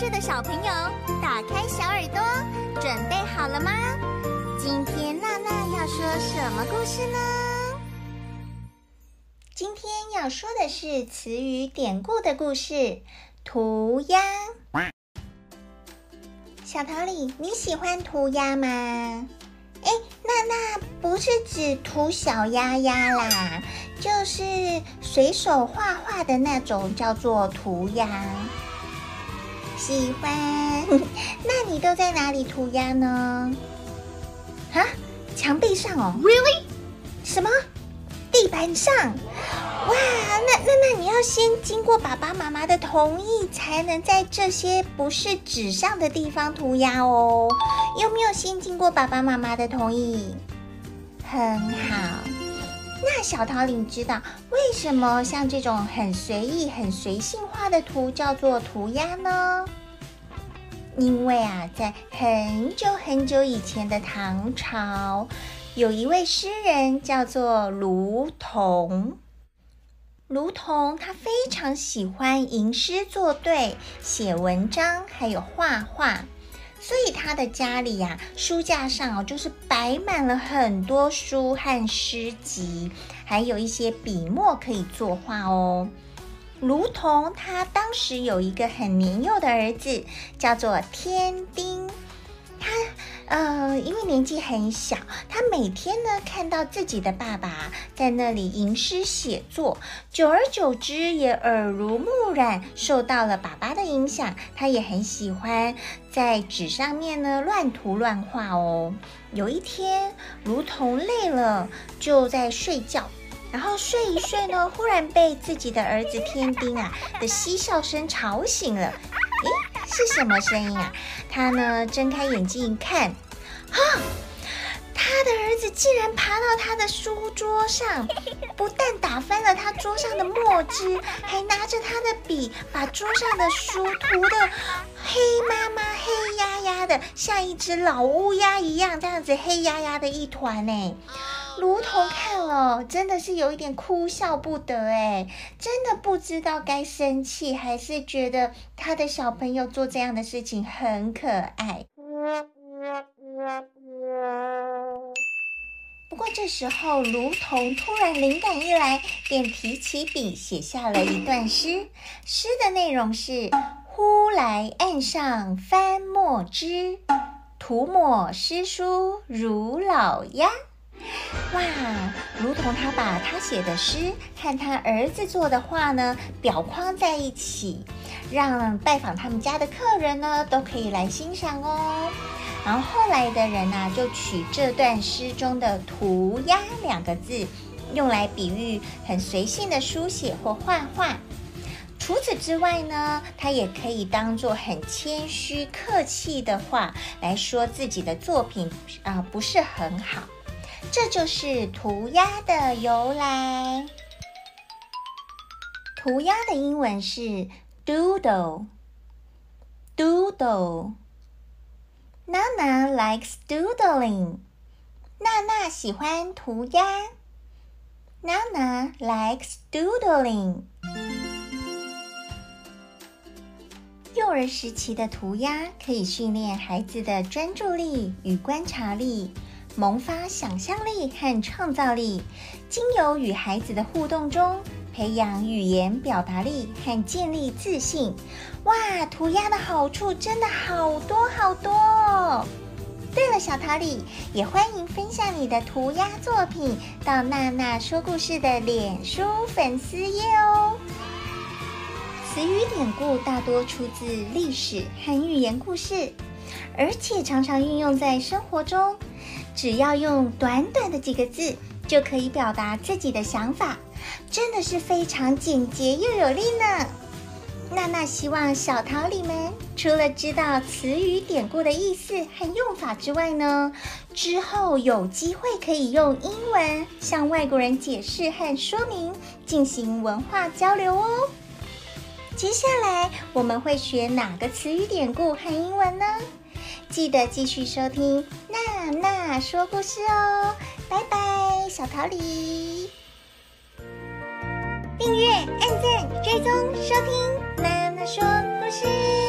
是的小朋友，打開小耳朵，準備好了嗎？今天娜娜要說什麼故事呢？今天要說的是詞語典故的故事——塗鴉。小桃李，你喜歡塗鴉嗎？哎，娜娜不是指塗小鴨鴨啦，就是隨手畫畫的那種，叫做塗鴉。喜歡，那你都在哪裡塗鴉呢？啊，牆壁上哦？Really？什麼？地板上？哇，那那那你要先經過爸爸媽媽的同意，才能在這些不是紙上的地方塗鴉哦。有沒有先經過爸爸媽媽的同意？很好。那小桃李知道為什麼像這種很隨意、很隨性畫的圖叫做塗鴉呢？因為啊，在很久很久以前的唐朝，有一位詩人叫做盧仝。盧仝他非常喜歡吟詩作對、寫文章，還有畫畫。所以他的家裡呀、啊，書架上哦，就是擺滿了很多書和詩集，還有一些筆墨可以作畫哦。盧仝他當時有一個很年幼的兒子，叫做添丁。嗯、呃，因為年紀很小，他每天呢，看到自己的爸爸在那裡吟詩寫作，久而久之也耳濡目染，受到了爸爸的影響。他也很喜歡在紙上面呢亂塗亂畫哦。有一天，盧仝累了就在睡覺，然後睡一睡呢，忽然被自己的兒子添丁啊的嬉笑聲吵醒了。誒是什麼聲音啊？他呢，睜開眼睛一看，啊，他的兒子竟然爬到他的書桌上，不但打翻了他桌上的墨汁，還拿着他的筆把桌上的書塗得黑麻麻黑壓壓的，像一隻老烏鴉一樣，這樣子黑壓壓的一團呢。盧仝看了，真的是有一點哭笑不得哎，真的不知道該生氣還是覺得他的小朋友做這樣的事情很可愛。不過這時候，盧仝突然靈感一來，便提起筆寫下了一段詩。詩的內容是：“忽來案上翻墨汁，塗抹詩書如老鴉。”哇，如同他把他寫的詩和他兒子做的畫呢，裱框，在一起，讓拜訪他們家的客人呢，都可以來欣賞哦。然後後來的人呢、啊，就取這段詩中的“塗鴉”兩個字，用來比喻很隨性的書寫或畫畫。除此之外呢，他也可以當做很謙虛客氣的話來說自己的作品啊、呃，不是很好。這就是塗鴉的由來。塗鴉的英文是 doodle，doodle。娜娜 likes doodling，娜娜喜歡塗鴉。娜娜 likes doodling。幼兒時期的塗鴉可以訓練孩子的專注力與觀察力，萌發想象力和創造力，經由與孩子的互動中培養語言表達力和建立自信。哇，塗鴉的好處真的好多好多哦！對了，小桃李也歡迎分享你的塗鴉作品到娜娜說故事的臉書粉絲頁哦。詞語典故大多出自歷史和寓言故事，而且常常運用在生活中。只要用短短的幾個字就可以表達自己的想法，真的是非常簡潔又有力呢。娜娜希望小桃李們除了知道詞語典故的意思和用法之外呢，之後有機會可以用英文向外國人解釋和說明，進行文化交流哦。接下來我們會學哪個詞語典故和英文呢？記得繼續收聽娜娜說故事哦，拜拜，小桃李。訂閱、按讚、追蹤、收聽，娜娜說故事。